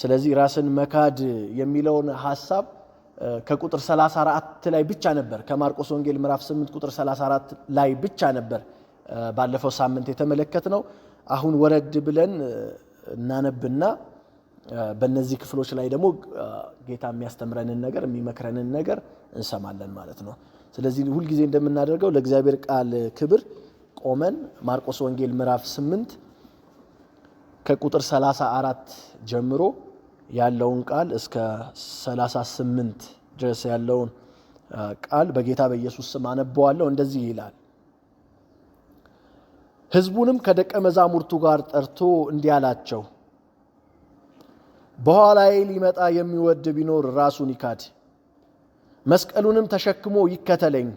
ስለዚህ ራስን መካድ የሚለውን ሀሳብ ከቁጥር 34 ላይ ብቻ ነበር ከማርቆስ ወንጌል ምዕራፍ 8 ቁጥር 34 ላይ ብቻ ነበር ባለፈው ሳምንት የተመለከት ነው። አሁን ወረድ ብለን እናነብና በእነዚህ ክፍሎች ላይ ደግሞ ጌታ የሚያስተምረንን ነገር የሚመክረንን ነገር እንሰማለን ማለት ነው። ስለዚህ ሁልጊዜ እንደምናደርገው ለእግዚአብሔር ቃል ክብር ቆመን ማርቆስ ወንጌል ምዕራፍ 8 ከቁጥር 34 ጀምሮ ያለውን ቃል እስከ 38 ድረስ ያለውን ቃል በጌታ በኢየሱስ ስም አነበዋለሁ። እንደዚህ ይላል። ሕዝቡንም ከደቀ መዛሙርቱ ጋር ጠርቶ እንዲህ አላቸው፣ በኋላዬ ሊመጣ የሚወድ ቢኖር ራሱን ይካድ፣ መስቀሉንም ተሸክሞ ይከተለኝ።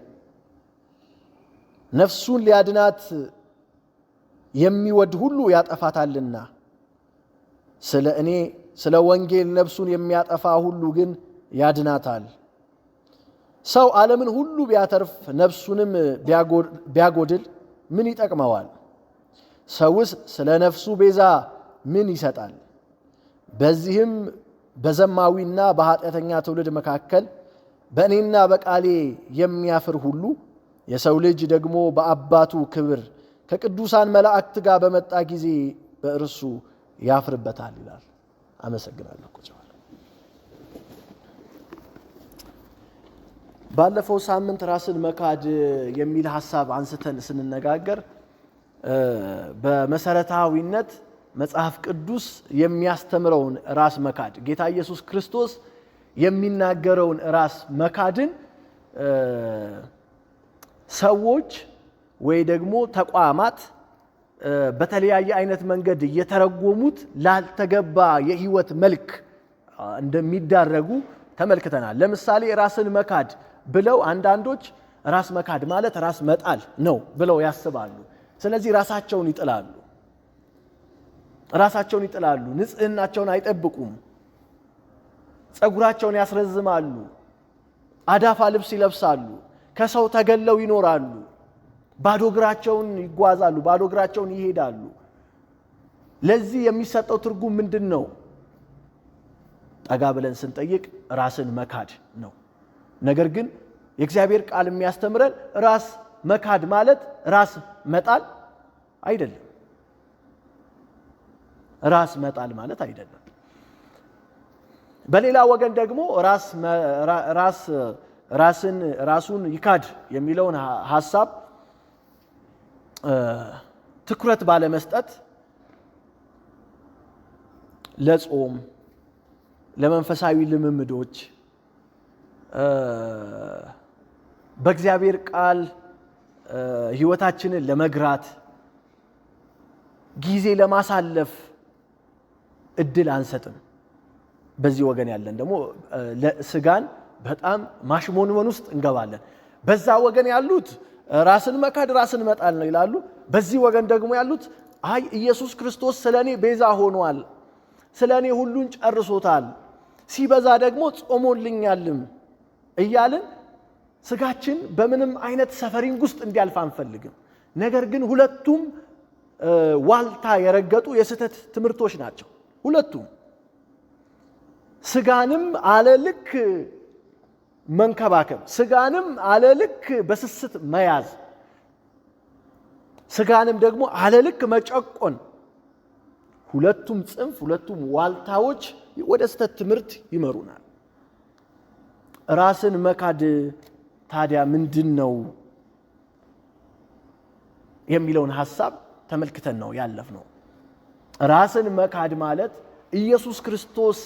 ነፍሱን ሊያድናት የሚወድ ሁሉ ያጠፋታልና ስለ እኔ ስለ ወንጌል ነፍሱን የሚያጠፋ ሁሉ ግን ያድናታል። ሰው ዓለምን ሁሉ ቢያተርፍ ነፍሱንም ቢያጎድል ምን ይጠቅመዋል? ሰውስ ስለ ነፍሱ ቤዛ ምን ይሰጣል? በዚህም በዘማዊና በኃጢአተኛ ትውልድ መካከል በእኔና በቃሌ የሚያፍር ሁሉ የሰው ልጅ ደግሞ በአባቱ ክብር ከቅዱሳን መላእክት ጋር በመጣ ጊዜ በእርሱ ያፍርበታል ይላል። አመሰግናለሁ። ቁጭ ባለፈው ሳምንት ራስን መካድ የሚል ሀሳብ አንስተን ስንነጋገር በመሰረታዊነት መጽሐፍ ቅዱስ የሚያስተምረውን ራስ መካድ ጌታ ኢየሱስ ክርስቶስ የሚናገረውን ራስ መካድን ሰዎች ወይ ደግሞ ተቋማት በተለያየ አይነት መንገድ እየተረጎሙት ላልተገባ የህይወት መልክ እንደሚዳረጉ ተመልክተናል። ለምሳሌ ራስን መካድ ብለው አንዳንዶች ራስ መካድ ማለት ራስ መጣል ነው ብለው ያስባሉ። ስለዚህ ራሳቸውን ይጥላሉ ራሳቸውን ይጥላሉ፣ ንጽህናቸውን አይጠብቁም፣ ፀጉራቸውን ያስረዝማሉ፣ አዳፋ ልብስ ይለብሳሉ፣ ከሰው ተገለው ይኖራሉ። ባዶ እግራቸውን ይጓዛሉ፣ ባዶ እግራቸውን ይሄዳሉ። ለዚህ የሚሰጠው ትርጉም ምንድን ነው? ጠጋ ብለን ስንጠይቅ ራስን መካድ ነው። ነገር ግን የእግዚአብሔር ቃል የሚያስተምረን ራስ መካድ ማለት ራስ መጣል አይደለም። ራስ መጣል ማለት አይደለም። በሌላ ወገን ደግሞ ራስ ራስን ራሱን ይካድ የሚለውን ሀሳብ ትኩረት ባለመስጠት ለጾም፣ ለመንፈሳዊ ልምምዶች፣ በእግዚአብሔር ቃል ህይወታችንን ለመግራት ጊዜ ለማሳለፍ እድል አንሰጥም። በዚህ ወገን ያለን ደግሞ ስጋን በጣም ማሽሞንመን ውስጥ እንገባለን። በዛ ወገን ያሉት ራስን መካድ ራስን መጣል ነው ይላሉ። በዚህ ወገን ደግሞ ያሉት አይ ኢየሱስ ክርስቶስ ስለ እኔ ቤዛ ሆኗል፣ ስለ እኔ ሁሉን ጨርሶታል፣ ሲበዛ ደግሞ ጾሞልኛልም እያልን ስጋችን በምንም አይነት ሰፈሪንግ ውስጥ እንዲያልፍ አንፈልግም። ነገር ግን ሁለቱም ዋልታ የረገጡ የስህተት ትምህርቶች ናቸው። ሁለቱም ስጋንም አለ ልክ መንከባከብ፣ ስጋንም አለልክ በስስት መያዝ፣ ስጋንም ደግሞ አለልክ መጨቆን፣ ሁለቱም ጽንፍ ሁለቱም ዋልታዎች ወደ ስተት ትምህርት ይመሩናል። ራስን መካድ ታዲያ ምንድን ነው የሚለውን ሐሳብ ተመልክተን ነው ያለፍ ነው። ራስን መካድ ማለት ኢየሱስ ክርስቶስ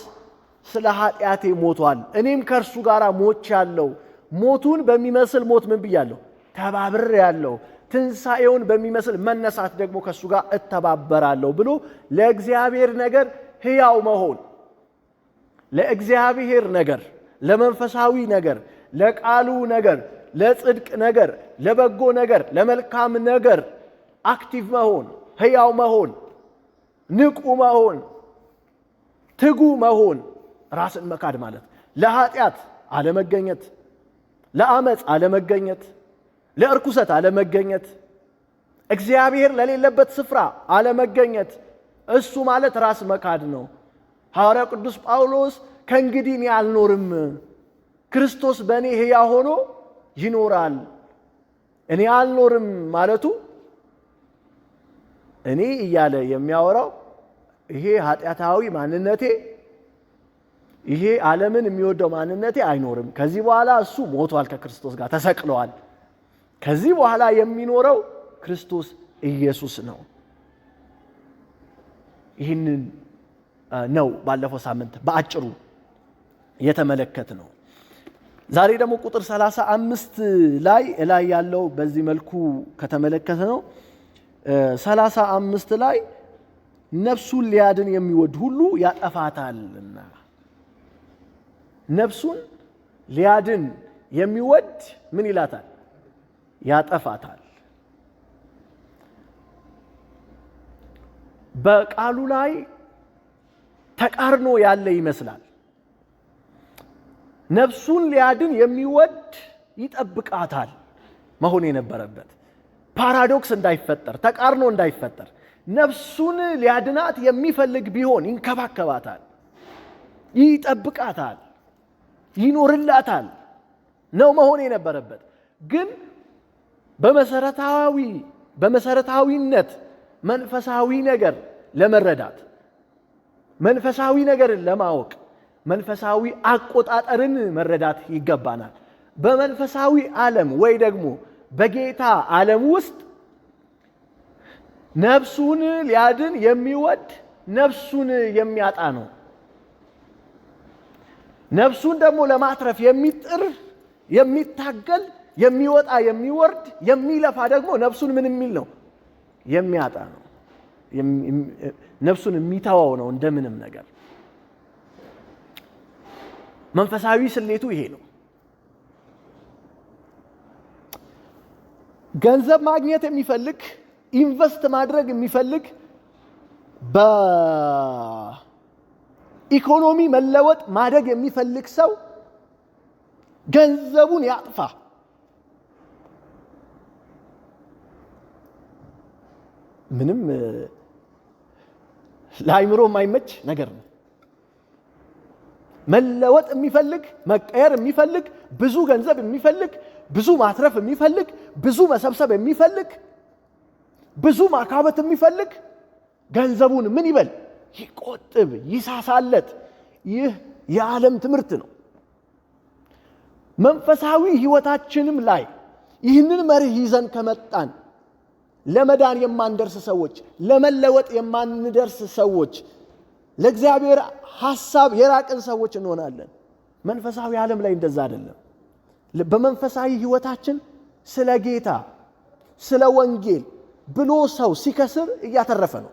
ስለ ኃጢአቴ ሞቷል፣ እኔም ከእርሱ ጋር ሞች ያለው ሞቱን በሚመስል ሞት ምን ብያለሁ? ተባብር ያለው ትንሣኤውን በሚመስል መነሳት ደግሞ ከእሱ ጋር እተባበራለሁ ብሎ ለእግዚአብሔር ነገር ሕያው መሆን ለእግዚአብሔር ነገር፣ ለመንፈሳዊ ነገር፣ ለቃሉ ነገር፣ ለጽድቅ ነገር፣ ለበጎ ነገር፣ ለመልካም ነገር አክቲቭ መሆን፣ ሕያው መሆን፣ ንቁ መሆን፣ ትጉ መሆን ራስን መካድ ማለት ለኃጢአት አለመገኘት፣ ለአመፅ አለመገኘት፣ ለእርኩሰት አለመገኘት፣ እግዚአብሔር ለሌለበት ስፍራ አለመገኘት። እሱ ማለት ራስ መካድ ነው። ሐዋርያ ቅዱስ ጳውሎስ ከእንግዲህ እኔ አልኖርም፣ ክርስቶስ በእኔ ሕያ ሆኖ ይኖራል። እኔ አልኖርም ማለቱ እኔ እያለ የሚያወራው ይሄ ኃጢአታዊ ማንነቴ ይሄ ዓለምን የሚወደው ማንነቴ አይኖርም። ከዚህ በኋላ እሱ ሞቷል፣ ከክርስቶስ ጋር ተሰቅለዋል። ከዚህ በኋላ የሚኖረው ክርስቶስ ኢየሱስ ነው። ይህንን ነው ባለፈው ሳምንት በአጭሩ የተመለከት ነው። ዛሬ ደግሞ ቁጥር 35 ላይ እላይ ያለው በዚህ መልኩ ከተመለከተ ነው። 35 ላይ ነፍሱን ሊያድን የሚወድ ሁሉ ያጠፋታልና ነፍሱን ሊያድን የሚወድ ምን ይላታል? ያጠፋታል። በቃሉ ላይ ተቃርኖ ያለ ይመስላል። ነፍሱን ሊያድን የሚወድ ይጠብቃታል መሆን የነበረበት ፓራዶክስ እንዳይፈጠር ተቃርኖ እንዳይፈጠር ነፍሱን ሊያድናት የሚፈልግ ቢሆን ይንከባከባታል፣ ይጠብቃታል። ይኖርላታል ነው መሆን የነበረበት። ግን በመሰረታዊ በመሰረታዊነት መንፈሳዊ ነገር ለመረዳት መንፈሳዊ ነገርን ለማወቅ መንፈሳዊ አቆጣጠርን መረዳት ይገባናል። በመንፈሳዊ ዓለም ወይ ደግሞ በጌታ ዓለም ውስጥ ነፍሱን ሊያድን የሚወድ ነፍሱን የሚያጣ ነው። ነፍሱን ደግሞ ለማትረፍ የሚጥር የሚታገል የሚወጣ የሚወርድ የሚለፋ ደግሞ ነፍሱን ምን የሚል ነው የሚያጣ ነው። ነፍሱን የሚተዋው ነው እንደምንም ነገር። መንፈሳዊ ስሌቱ ይሄ ነው። ገንዘብ ማግኘት የሚፈልግ ኢንቨስት ማድረግ የሚፈልግ ኢኮኖሚ መለወጥ ማደግ የሚፈልግ ሰው ገንዘቡን ያጥፋ። ምንም ለአይምሮ የማይመች ነገር ነው። መለወጥ የሚፈልግ መቀየር የሚፈልግ ብዙ ገንዘብ የሚፈልግ ብዙ ማትረፍ የሚፈልግ ብዙ መሰብሰብ የሚፈልግ ብዙ ማካበት የሚፈልግ ገንዘቡን ምን ይበል? ይቆጥብ፣ ይሳሳለት። ይህ የዓለም ትምህርት ነው። መንፈሳዊ ህይወታችንም ላይ ይህንን መርህ ይዘን ከመጣን ለመዳን የማንደርስ ሰዎች፣ ለመለወጥ የማንደርስ ሰዎች፣ ለእግዚአብሔር ሐሳብ የራቅን ሰዎች እንሆናለን። መንፈሳዊ ዓለም ላይ እንደዛ አይደለም። በመንፈሳዊ ህይወታችን ስለ ጌታ ስለ ወንጌል ብሎ ሰው ሲከስር እያተረፈ ነው።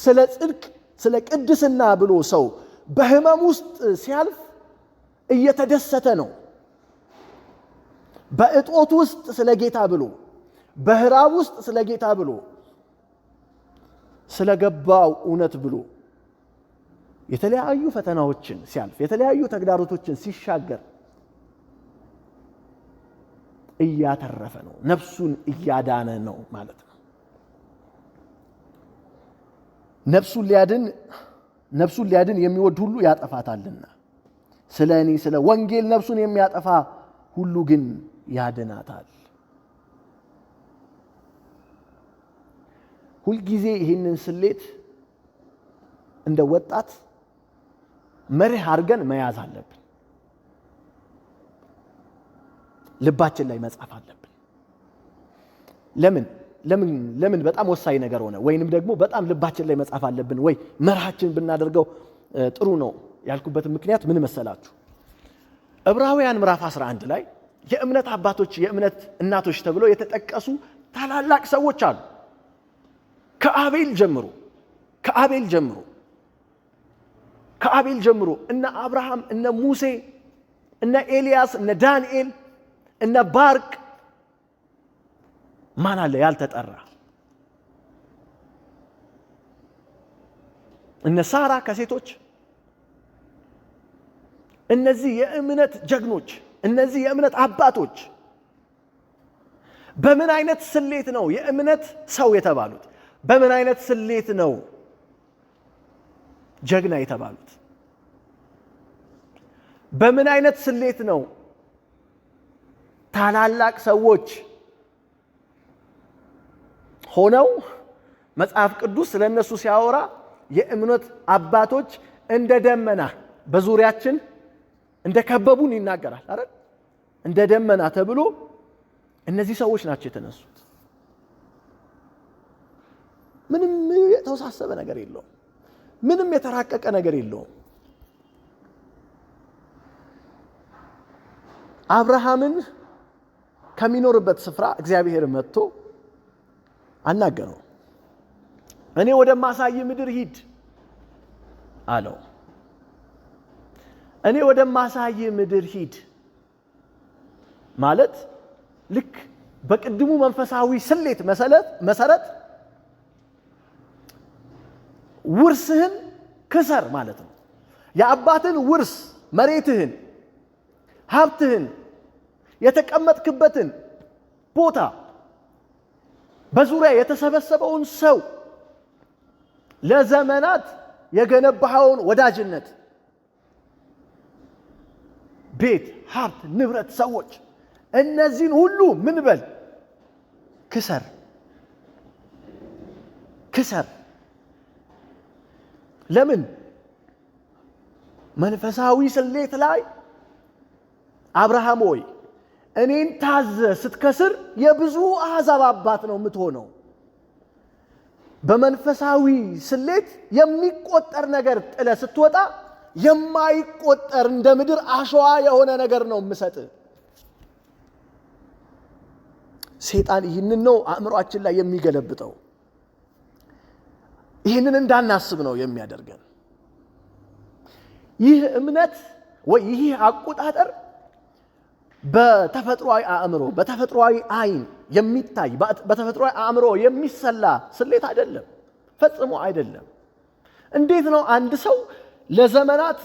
ስለ ጽድቅ፣ ስለ ቅድስና ብሎ ሰው በህመም ውስጥ ሲያልፍ እየተደሰተ ነው። በእጦት ውስጥ ስለ ጌታ ብሎ፣ በህራብ ውስጥ ስለ ጌታ ብሎ፣ ስለ ገባው እውነት ብሎ የተለያዩ ፈተናዎችን ሲያልፍ የተለያዩ ተግዳሮቶችን ሲሻገር እያተረፈ ነው፣ ነፍሱን እያዳነ ነው ማለት ነው። ነፍሱን ሊያድን ነፍሱን ሊያድን የሚወድ ሁሉ ያጠፋታልና ስለ እኔ ስለ ወንጌል ነፍሱን የሚያጠፋ ሁሉ ግን ያድናታል። ሁልጊዜ ይህንን ስሌት እንደ ወጣት መርህ አድርገን መያዝ አለብን። ልባችን ላይ መጻፍ አለብን። ለምን? ለምን ለምን በጣም ወሳኝ ነገር ሆነ ወይንም ደግሞ በጣም ልባችን ላይ መጻፍ አለብን ወይ መርሃችን ብናደርገው ጥሩ ነው ያልኩበት ምክንያት ምን መሰላችሁ? ዕብራውያን ምዕራፍ 11 ላይ የእምነት አባቶች የእምነት እናቶች ተብለው የተጠቀሱ ታላላቅ ሰዎች አሉ። ከአቤል ጀምሮ ከአቤል ጀምሮ ከአቤል ጀምሮ እነ አብርሃም፣ እነ ሙሴ፣ እነ ኤልያስ፣ እነ ዳንኤል፣ እነ ባርቅ ማን አለ ያልተጠራ? እነ ሳራ ከሴቶች እነዚህ የእምነት ጀግኖች፣ እነዚህ የእምነት አባቶች በምን አይነት ስሌት ነው የእምነት ሰው የተባሉት? በምን አይነት ስሌት ነው ጀግና የተባሉት? በምን አይነት ስሌት ነው ታላላቅ ሰዎች ሆነው መጽሐፍ ቅዱስ ስለ እነሱ ሲያወራ የእምነት አባቶች እንደ ደመና በዙሪያችን እንደ ከበቡን ይናገራል አይደል? እንደ ደመና ተብሎ እነዚህ ሰዎች ናቸው የተነሱት። ምንም የተወሳሰበ ነገር የለውም። ምንም የተራቀቀ ነገር የለውም። አብርሃምን ከሚኖርበት ስፍራ እግዚአብሔር መጥቶ አናገረው። እኔ ወደ ማሳይ ምድር ሂድ አለው። እኔ ወደ ማሳይ ምድር ሂድ ማለት ልክ በቅድሙ መንፈሳዊ ስሌት መሰረት ውርስህን ክሰር ማለት ነው። የአባትን ውርስ መሬትህን፣ ሀብትህን፣ የተቀመጥክበትን ቦታ በዙሪያ የተሰበሰበውን ሰው ለዘመናት የገነባኸውን ወዳጅነት፣ ቤት፣ ሀብት፣ ንብረት፣ ሰዎች እነዚህን ሁሉ ምን በል ክሰር ክሰር። ለምን መንፈሳዊ ስሌት ላይ አብርሃም ወይ እኔን ታዘ ስትከስር የብዙ አሕዛብ አባት ነው የምትሆነው። በመንፈሳዊ ስሌት የሚቆጠር ነገር ጥለ ስትወጣ የማይቆጠር እንደ ምድር አሸዋ የሆነ ነገር ነው የምሰጥ። ሴጣን ይህንን ነው አእምሯችን ላይ የሚገለብጠው። ይህንን እንዳናስብ ነው የሚያደርገን። ይህ እምነት ወይ ይህ አቆጣጠር በተፈጥሯዊ አእምሮ በተፈጥሯዊ አይን የሚታይ በተፈጥሯዊ አእምሮ የሚሰላ ስሌት አይደለም፣ ፈጽሞ አይደለም። እንዴት ነው አንድ ሰው ለዘመናት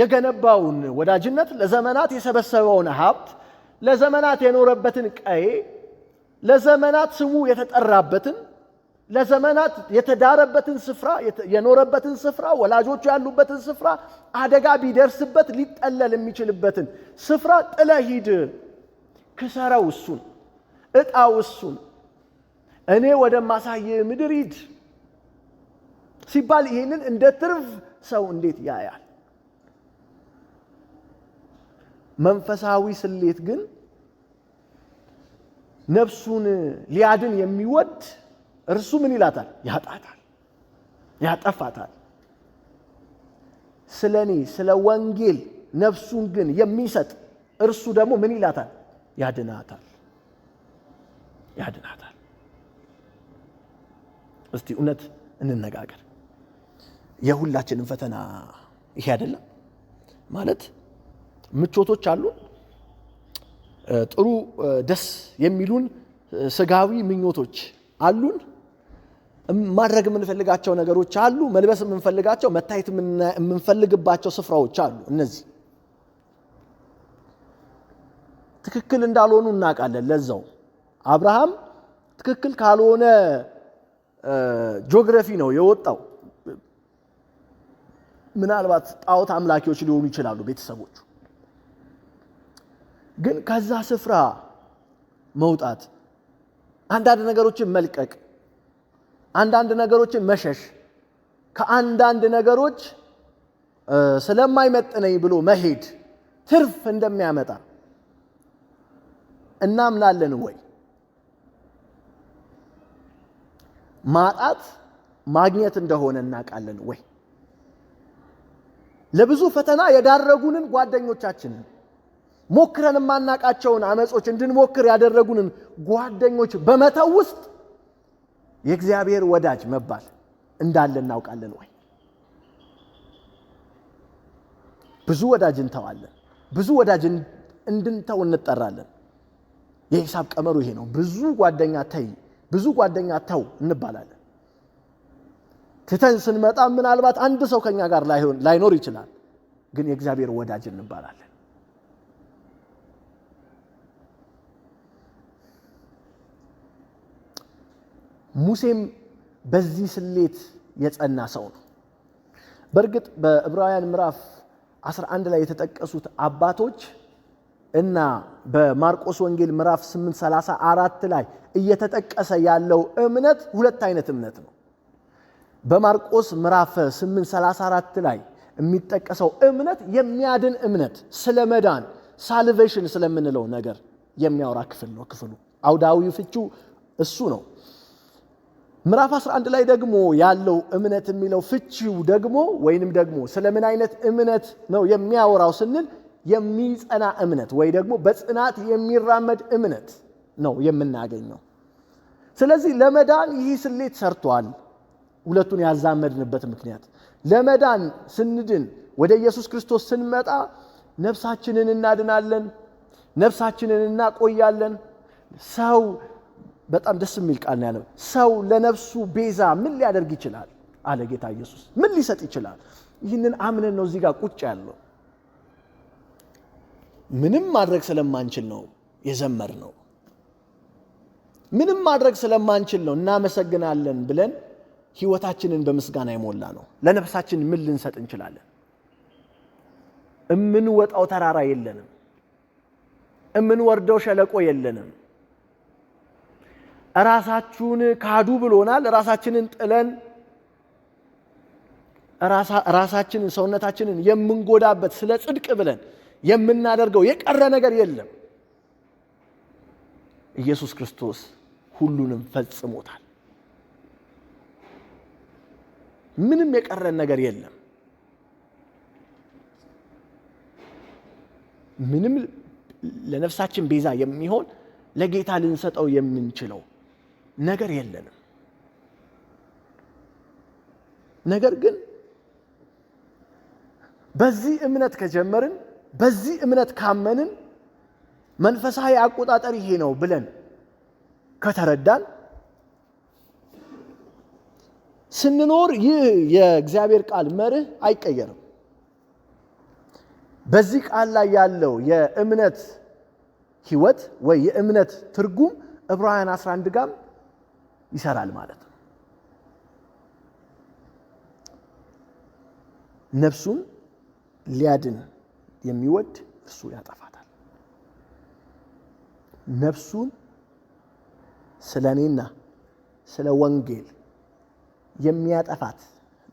የገነባውን ወዳጅነት፣ ለዘመናት የሰበሰበውን ሀብት፣ ለዘመናት የኖረበትን ቀዬ፣ ለዘመናት ስሙ የተጠራበትን ለዘመናት የተዳረበትን ስፍራ የኖረበትን ስፍራ ወላጆቹ ያሉበትን ስፍራ አደጋ ቢደርስበት ሊጠለል የሚችልበትን ስፍራ ጥለ ሂድ። ክሰረው፣ እሱን እጣው፣ እሱን እኔ ወደ ማሳየ ምድር ሂድ ሲባል ይህንን እንደ ትርፍ ሰው እንዴት ያያል? መንፈሳዊ ስሌት ግን ነፍሱን ሊያድን የሚወድ እርሱ ምን ይላታል? ያጣታል፣ ያጠፋታል። ስለ እኔ ስለ ወንጌል ነፍሱን ግን የሚሰጥ እርሱ ደግሞ ምን ይላታል? ያድናታል፣ ያድናታል። እስቲ እውነት እንነጋገር። የሁላችንም ፈተና ይሄ አይደለም ማለት ምቾቶች አሉ። ጥሩ ደስ የሚሉን ስጋዊ ምኞቶች አሉን። ማድረግ የምንፈልጋቸው ነገሮች አሉ። መልበስ የምንፈልጋቸው መታየት የምንፈልግባቸው ስፍራዎች አሉ። እነዚህ ትክክል እንዳልሆኑ እናውቃለን። ለዛው አብርሃም ትክክል ካልሆነ ጂኦግራፊ ነው የወጣው። ምናልባት ጣዖት አምላኪዎች ሊሆኑ ይችላሉ ቤተሰቦቹ። ግን ከዛ ስፍራ መውጣት፣ አንዳንድ ነገሮችን መልቀቅ አንዳንድ ነገሮችን መሸሽ ከአንዳንድ ነገሮች ስለማይመጥነኝ ብሎ መሄድ ትርፍ እንደሚያመጣ እናምናለን ወይ? ማጣት ማግኘት እንደሆነ እናውቃለን ወይ? ለብዙ ፈተና የዳረጉንን ጓደኞቻችንን ሞክረን የማናቃቸውን አመጾች እንድንሞክር ያደረጉንን ጓደኞች በመተው ውስጥ የእግዚአብሔር ወዳጅ መባል እንዳለ እናውቃለን ወይ? ብዙ ወዳጅ እንተዋለን። ብዙ ወዳጅ እንድንተው እንጠራለን። የሂሳብ ቀመሩ ይሄ ነው። ብዙ ጓደኛ ተይ፣ ብዙ ጓደኛ ተው እንባላለን። ትተን ስንመጣ ምናልባት አንድ ሰው ከኛ ጋር ላይኖር ይችላል፣ ግን የእግዚአብሔር ወዳጅ እንባላለን። ሙሴም በዚህ ስሌት የጸና ሰው ነው። በእርግጥ በዕብራውያን ምዕራፍ 11 ላይ የተጠቀሱት አባቶች እና በማርቆስ ወንጌል ምዕራፍ 834 ላይ እየተጠቀሰ ያለው እምነት ሁለት አይነት እምነት ነው። በማርቆስ ምዕራፍ 834 ላይ የሚጠቀሰው እምነት የሚያድን እምነት ስለ መዳን ሳልቬሽን ስለምንለው ነገር የሚያወራ ክፍል ነው። ክፍሉ አውዳዊው ፍቺው እሱ ነው። ምዕራፍ 11 ላይ ደግሞ ያለው እምነት የሚለው ፍቺው ደግሞ ወይንም ደግሞ ስለ ምን አይነት እምነት ነው የሚያወራው ስንል የሚጸና እምነት ወይ ደግሞ በጽናት የሚራመድ እምነት ነው የምናገኘው። ስለዚህ ለመዳን ይህ ስሌት ሰርቷል። ሁለቱን ያዛመድንበት ምክንያት ለመዳን ስንድን ወደ ኢየሱስ ክርስቶስ ስንመጣ ነፍሳችንን እናድናለን፣ ነፍሳችንን እናቆያለን ሰው በጣም ደስ የሚል ቃል ነው ያለው። ሰው ለነፍሱ ቤዛ ምን ሊያደርግ ይችላል አለ ጌታ ኢየሱስ። ምን ሊሰጥ ይችላል? ይህንን አምነን ነው እዚህ ጋር ቁጭ ያለው። ምንም ማድረግ ስለማንችል ነው የዘመር ነው። ምንም ማድረግ ስለማንችል ነው እናመሰግናለን ብለን ህይወታችንን በምስጋና የሞላ ነው። ለነፍሳችን ምን ልንሰጥ እንችላለን? እምንወጣው ተራራ የለንም። እምንወርደው ሸለቆ የለንም። ራሳችሁን ካዱ ብሎናል። ራሳችንን ጥለን ራሳችንን ሰውነታችንን የምንጎዳበት ስለ ጽድቅ ብለን የምናደርገው የቀረ ነገር የለም። ኢየሱስ ክርስቶስ ሁሉንም ፈጽሞታል። ምንም የቀረን ነገር የለም። ምንም ለነፍሳችን ቤዛ የሚሆን ለጌታ ልንሰጠው የምንችለው ነገር የለንም። ነገር ግን በዚህ እምነት ከጀመርን በዚህ እምነት ካመንን መንፈሳዊ አቆጣጠር ይሄ ነው ብለን ከተረዳን ስንኖር ይህ የእግዚአብሔር ቃል መርህ አይቀየርም። በዚህ ቃል ላይ ያለው የእምነት ህይወት ወይ የእምነት ትርጉም ዕብራውያን 11 ጋም ይሰራል ማለት ነው። ነፍሱን ሊያድን የሚወድ እርሱ ያጠፋታል። ነፍሱን ስለ እኔና ስለ ወንጌል የሚያጠፋት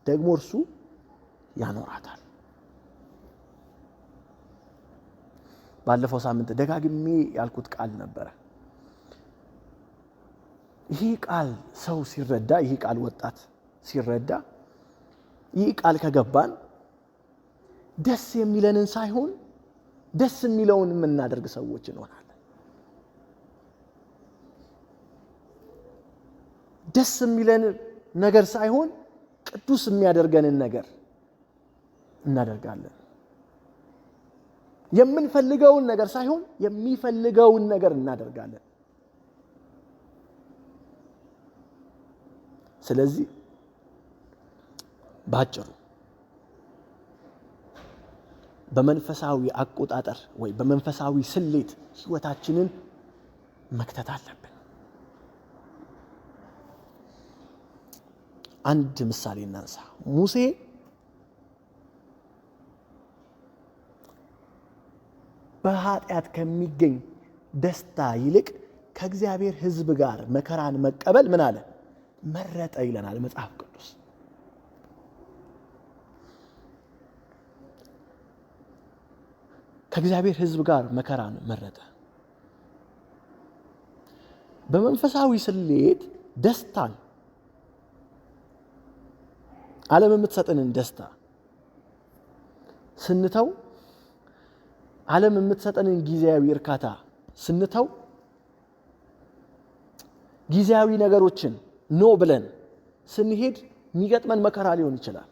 ደግሞ እርሱ ያኖራታል። ባለፈው ሳምንት ደጋግሜ ያልኩት ቃል ነበረ። ይህ ቃል ሰው ሲረዳ ይህ ቃል ወጣት ሲረዳ ይህ ቃል ከገባን ደስ የሚለንን ሳይሆን ደስ የሚለውን የምናደርግ ሰዎች እንሆናለን። ደስ የሚለን ነገር ሳይሆን ቅዱስ የሚያደርገንን ነገር እናደርጋለን። የምንፈልገውን ነገር ሳይሆን የሚፈልገውን ነገር እናደርጋለን። ስለዚህ ባጭሩ በመንፈሳዊ አቆጣጠር ወይ በመንፈሳዊ ስሌት ህይወታችንን መክተት አለብን። አንድ ምሳሌ እናንሳ። ሙሴ በኃጢአት ከሚገኝ ደስታ ይልቅ ከእግዚአብሔር ህዝብ ጋር መከራን መቀበል ምን አለ? መረጠ ይለናል መጽሐፍ ቅዱስ። ከእግዚአብሔር ሕዝብ ጋር መከራን መረጠ። በመንፈሳዊ ስሌት ደስታን ዓለም የምትሰጥንን ደስታ ስንተው ዓለም የምትሰጠንን ጊዜያዊ እርካታ ስንተው ጊዜያዊ ነገሮችን ኖ ብለን ስንሄድ የሚገጥመን መከራ ሊሆን ይችላል።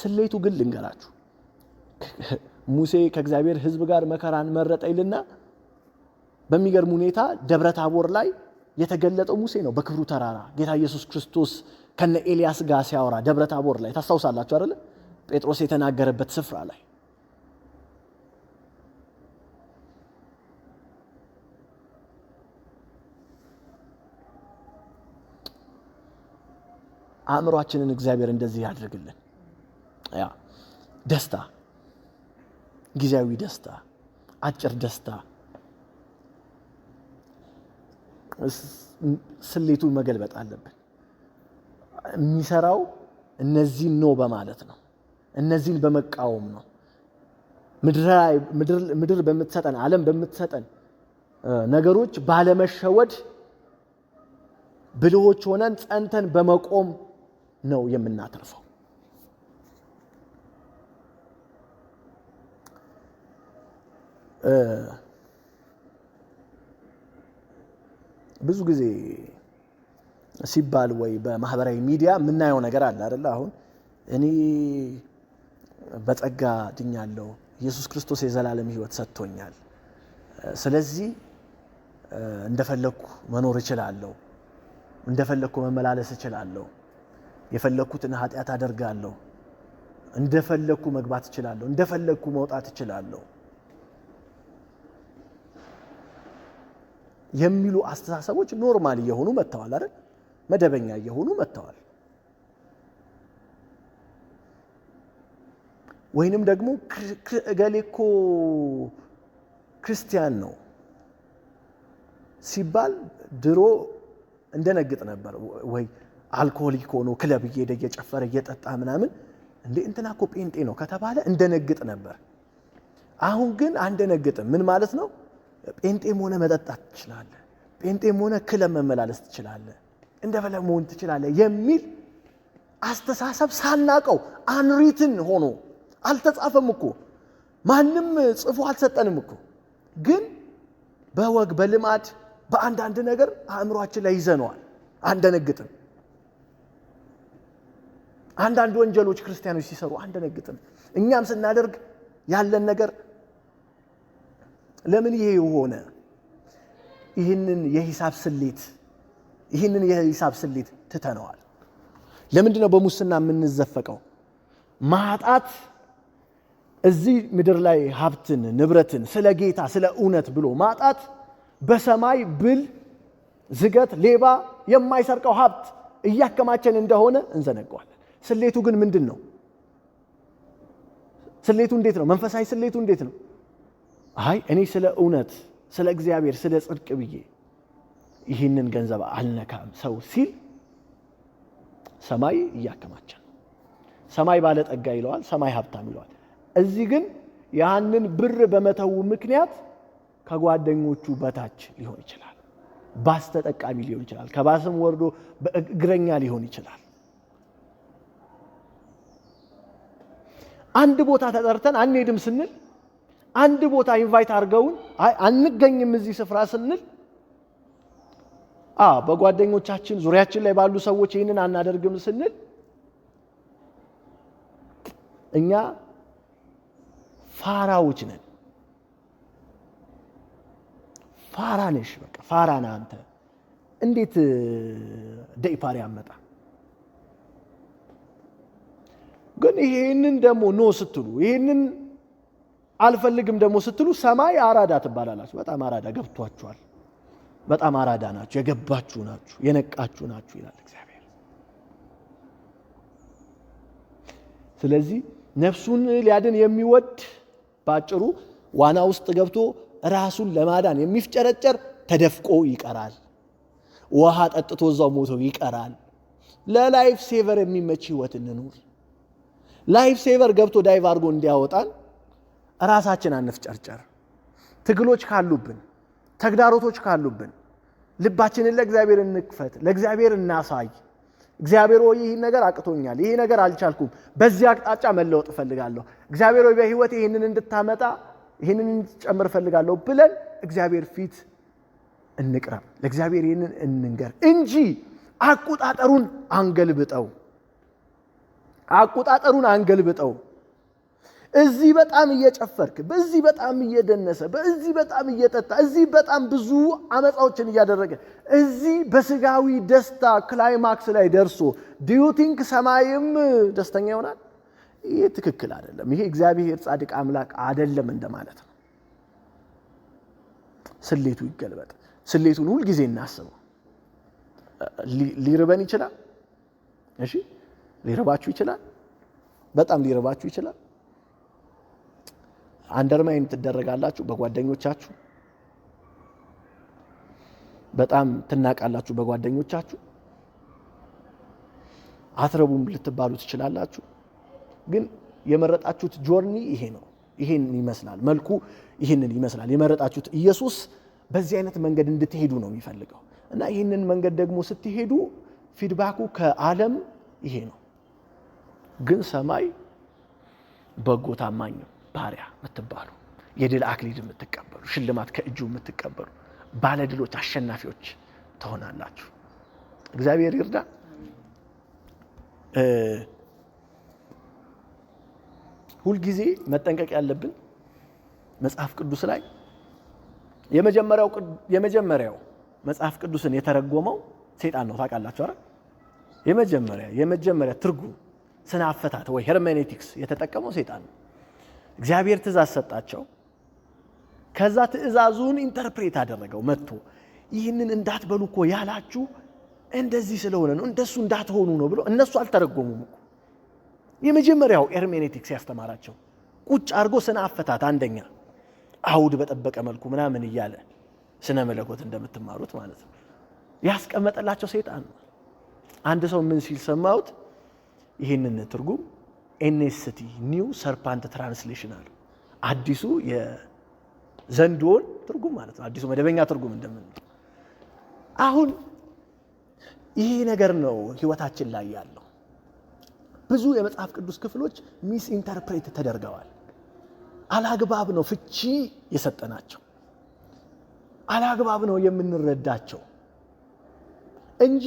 ስሌቱ ግን ልንገራችሁ፣ ሙሴ ከእግዚአብሔር ሕዝብ ጋር መከራን መረጠ ይልና በሚገርም ሁኔታ ደብረ ታቦር ላይ የተገለጠው ሙሴ ነው። በክብሩ ተራራ ጌታ ኢየሱስ ክርስቶስ ከነ ኤልያስ ጋር ሲያወራ ደብረ ታቦር ላይ ታስታውሳላችሁ አይደለ? ጴጥሮስ የተናገረበት ስፍራ ላይ አእምሯችንን እግዚአብሔር እንደዚህ ያድርግልን። ያ ደስታ፣ ጊዜያዊ ደስታ፣ አጭር ደስታ፣ ስሌቱን መገልበጥ አለብን። የሚሰራው እነዚህን ነው በማለት ነው፣ እነዚህን በመቃወም ነው። ምድር በምትሰጠን ዓለም በምትሰጠን ነገሮች ባለመሸወድ ብልሆች ሆነን ጸንተን በመቆም ነው የምናተርፈው። ብዙ ጊዜ ሲባል ወይ በማህበራዊ ሚዲያ የምናየው ነገር አለ አይደለ? አሁን እኔ በጸጋ ድኛለሁ፣ ኢየሱስ ክርስቶስ የዘላለም ሕይወት ሰጥቶኛል፣ ስለዚህ እንደፈለግኩ መኖር እችላለሁ፣ እንደፈለግኩ መመላለስ እችላለሁ የፈለግኩትን ኃጢአት አደርጋለሁ። እንደፈለግኩ መግባት እችላለሁ። እንደፈለግኩ መውጣት እችላለሁ የሚሉ አስተሳሰቦች ኖርማል እየሆኑ መጥተዋል አይደል? መደበኛ እየሆኑ መጥተዋል። ወይንም ደግሞ እገሌ እኮ ክርስቲያን ነው ሲባል ድሮ እንደነግጥ ነበር ወይ አልኮሊክ ሆኖ ክለብ እየሄደ እየጨፈረ እየጠጣ ምናምን እንዴ እንትና እኮ ጴንጤ ነው ከተባለ እንደነግጥ ነበር። አሁን ግን አንደነግጥም። ምን ማለት ነው? ጴንጤም ሆነ መጠጣት ትችላለ ጴንጤም ሆነ ክለብ መመላለስ ትችላለህ፣ እንደፈለግ መሆን ትችላለ የሚል አስተሳሰብ ሳናቀው አንሪትን ሆኖ አልተጻፈም እኮ ማንም ጽፎ አልሰጠንም እኮ ግን በወግ በልማድ በአንዳንድ ነገር አእምሯችን ላይ ይዘነዋል። አንደነግጥም። አንዳንድ ወንጀሎች ክርስቲያኖች ሲሰሩ አንደነግጥም። እኛም ስናደርግ ያለን ነገር ለምን ይሄ የሆነ ይህንን የሂሳብ ስሌት ይህንን የሂሳብ ስሌት ትተነዋል። ለምንድን ነው በሙስና የምንዘፈቀው? ማጣት እዚህ ምድር ላይ ሀብትን፣ ንብረትን ስለ ጌታ ስለ እውነት ብሎ ማጣት በሰማይ ብል ዝገት፣ ሌባ የማይሰርቀው ሀብት እያከማቸን እንደሆነ እንዘነገዋለን። ስሌቱ ግን ምንድን ነው? ስሌቱ እንዴት ነው? መንፈሳዊ ስሌቱ እንዴት ነው? አይ እኔ ስለ እውነት፣ ስለ እግዚአብሔር፣ ስለ ጽድቅ ብዬ ይህንን ገንዘብ አልነካም ሰው ሲል ሰማይ እያከማቸ ነው። ሰማይ ባለጠጋ ይለዋል፣ ሰማይ ሀብታም ይለዋል። እዚህ ግን ያንን ብር በመተው ምክንያት ከጓደኞቹ በታች ሊሆን ይችላል። ባስ ተጠቃሚ ሊሆን ይችላል። ከባስም ወርዶ በእግረኛ ሊሆን ይችላል። አንድ ቦታ ተጠርተን አንሄድም ስንል አንድ ቦታ ኢንቫይት አድርገውን አንገኝም እዚህ ስፍራ ስንል በጓደኞቻችን ዙሪያችን ላይ ባሉ ሰዎች ይህንን አናደርግም ስንል እኛ ፋራዎች ነን። ፋራ ነሽ፣ በቃ ፋራ ነህ አንተ። እንዴት ደኢፓሪ አመጣ ግን ይሄንን ደግሞ ኖ ስትሉ ይሄንን አልፈልግም ደግሞ ስትሉ ሰማይ አራዳ ትባላላችሁ። በጣም አራዳ ገብቷችኋል። በጣም አራዳ ናችሁ፣ የገባችሁ ናችሁ፣ የነቃችሁ ናችሁ ይላል እግዚአብሔር። ስለዚህ ነፍሱን ሊያድን የሚወድ ባጭሩ ዋና ውስጥ ገብቶ ራሱን ለማዳን የሚፍጨረጨር ተደፍቆ ይቀራል። ውሃ ጠጥቶ እዛው ሞቶ ይቀራል። ለላይፍ ሴቨር የሚመች ህይወት እንኑር። ላይፍ ሴቨር ገብቶ ዳይቭ አድርጎ እንዲያወጣን ራሳችን አንፍጨርጨር። ትግሎች ካሉብን፣ ተግዳሮቶች ካሉብን ልባችንን ለእግዚአብሔር እንክፈት፣ ለእግዚአብሔር እናሳይ። እግዚአብሔር ሆይ ይህን ነገር አቅቶኛል፣ ይሄ ነገር አልቻልኩም፣ በዚህ አቅጣጫ መለወጥ እፈልጋለሁ፣ እግዚአብሔር ሆይ በህይወት ይህንን እንድታመጣ ይህንን እንድትጨምር እፈልጋለሁ ብለን እግዚአብሔር ፊት እንቅረብ፣ ለእግዚአብሔር ይህንን እንንገር እንጂ አቆጣጠሩን አንገልብጠው። አቆጣጠሩን አንገልብጠው። እዚህ በጣም እየጨፈርክ፣ በዚህ በጣም እየደነሰ፣ በዚህ በጣም እየጠጣ፣ እዚህ በጣም ብዙ አመፃዎችን እያደረገ እዚህ በስጋዊ ደስታ ክላይማክስ ላይ ደርሶ ዲዩቲንክ ሰማይም ደስተኛ ይሆናል? ይህ ትክክል አይደለም። ይሄ እግዚአብሔር ጻድቅ አምላክ አይደለም እንደማለት ነው። ስሌቱ ይገልበጥ። ስሌቱን ሁልጊዜ እናስበው። ሊርበን ይችላል። እሺ ሊረባችሁ ይችላል። በጣም ሊረባችሁ ይችላል። አንደርማይን ትደረጋላችሁ በጓደኞቻችሁ፣ በጣም ትናቃላችሁ በጓደኞቻችሁ፣ አትረቡም ልትባሉ ትችላላችሁ። ግን የመረጣችሁት ጆርኒ ይሄ ነው። ይሄን ይመስላል መልኩ፣ ይህንን ይመስላል የመረጣችሁት። ኢየሱስ በዚህ አይነት መንገድ እንድትሄዱ ነው የሚፈልገው እና ይህንን መንገድ ደግሞ ስትሄዱ ፊድባኩ ከዓለም ይሄ ነው። ግን ሰማይ በጎ ታማኝ ባሪያ የምትባሉ የድል አክሊድ የምትቀበሉ ሽልማት ከእጁ የምትቀበሉ ባለድሎች አሸናፊዎች ትሆናላችሁ። እግዚአብሔር ይርዳ። ሁልጊዜ መጠንቀቅ ያለብን መጽሐፍ ቅዱስ ላይ የመጀመሪያው መጽሐፍ ቅዱስን የተረጎመው ሴጣን ነው። ታውቃላችሁ አይደል? የመጀመሪያ የመጀመሪያ ትርጉም ስነ አፈታት ወይ ሄርሜኔቲክስ የተጠቀመው ሴጣን ነው። እግዚአብሔር ትእዛዝ ሰጣቸው። ከዛ ትእዛዙን ኢንተርፕሬት አደረገው መጥቶ ይህንን እንዳትበሉ እኮ ያላችሁ እንደዚህ ስለሆነ ነው እንደሱ እንዳትሆኑ ነው ብሎ እነሱ አልተረጎሙም እኮ የመጀመሪያው ኤርሜኔቲክስ ያስተማራቸው ቁጭ አድርጎ ስነ አፈታት አንደኛ አውድ በጠበቀ መልኩ ምናምን እያለ ስነ መለኮት እንደምትማሩት ማለት ነው ያስቀመጠላቸው ሰይጣን ነው። አንድ ሰው ምን ሲል ሰማሁት? ይህንን ትርጉም ኤንኤስቲ ኒው ሰርፓንት ትራንስሌሽን አሉ። አዲሱ የዘንድሮውን ትርጉም ማለት ነው። አዲሱ መደበኛ ትርጉም እንደምንለው አሁን ይሄ ነገር ነው ህይወታችን ላይ ያለው። ብዙ የመጽሐፍ ቅዱስ ክፍሎች ሚስ ኢንተርፕሬት ተደርገዋል። አላግባብ ነው ፍቺ የሰጠናቸው፣ አላግባብ ነው የምንረዳቸው እንጂ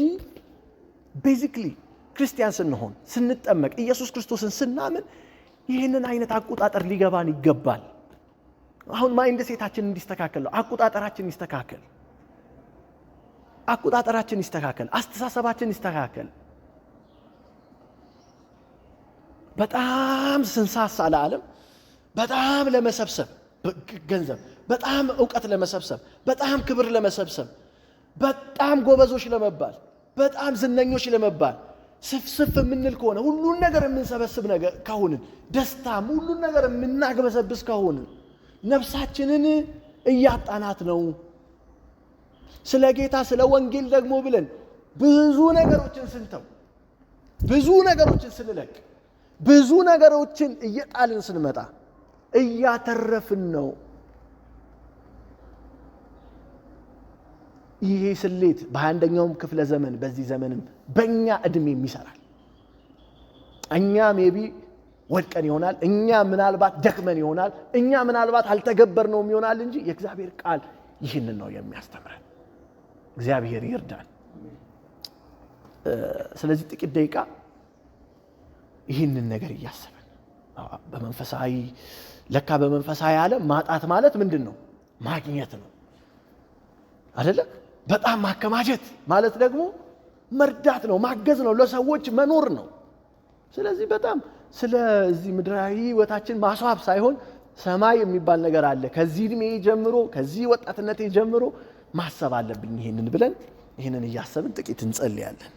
ቤዚክሊ ክርስቲያን ስንሆን ስንጠመቅ ኢየሱስ ክርስቶስን ስናምን ይህንን አይነት አቆጣጠር ሊገባን ይገባል። አሁን ማይንድ ሴታችን እንዲስተካከል ነው። አቆጣጠራችን ይስተካከል፣ አቆጣጠራችን ይስተካከል፣ አስተሳሰባችን ይስተካከል። በጣም ስንሳሳ ለዓለም በጣም ለመሰብሰብ ገንዘብ፣ በጣም እውቀት ለመሰብሰብ፣ በጣም ክብር ለመሰብሰብ፣ በጣም ጎበዞች ለመባል፣ በጣም ዝነኞች ለመባል ስፍስፍ የምንል ከሆነ ሁሉን ነገር የምንሰበስብ ነገር ከሆንን ደስታም ሁሉን ነገር የምናግበሰብስ ከሆንን ነፍሳችንን እያጣናት ነው። ስለ ጌታ ስለ ወንጌል ደግሞ ብለን ብዙ ነገሮችን ስንተው፣ ብዙ ነገሮችን ስንለቅ፣ ብዙ ነገሮችን እየጣልን ስንመጣ እያተረፍን ነው። ይሄ ስሌት በአንደኛውም ክፍለ ዘመን በዚህ ዘመንም በእኛ እድሜም ይሰራል። እኛ ሜቢ ወድቀን ይሆናል። እኛ ምናልባት ደክመን ይሆናል። እኛ ምናልባት አልተገበር ነውም ይሆናል እንጂ የእግዚአብሔር ቃል ይህንን ነው የሚያስተምረን። እግዚአብሔር ይርዳል። ስለዚህ ጥቂት ደቂቃ ይህንን ነገር እያሰብን በመንፈሳዊ ለካ በመንፈሳዊ ዓለም ማጣት ማለት ምንድን ነው? ማግኘት ነው አይደለ? በጣም ማከማቸት ማለት ደግሞ መርዳት ነው፣ ማገዝ ነው፣ ለሰዎች መኖር ነው። ስለዚህ በጣም ስለዚህ ምድራዊ ህይወታችን ማስዋብ ሳይሆን ሰማይ የሚባል ነገር አለ። ከዚህ እድሜ ጀምሮ ከዚህ ወጣትነቴ ጀምሮ ማሰብ አለብኝ ይህንን ብለን ይህንን እያሰብን ጥቂት እንጸልያለን።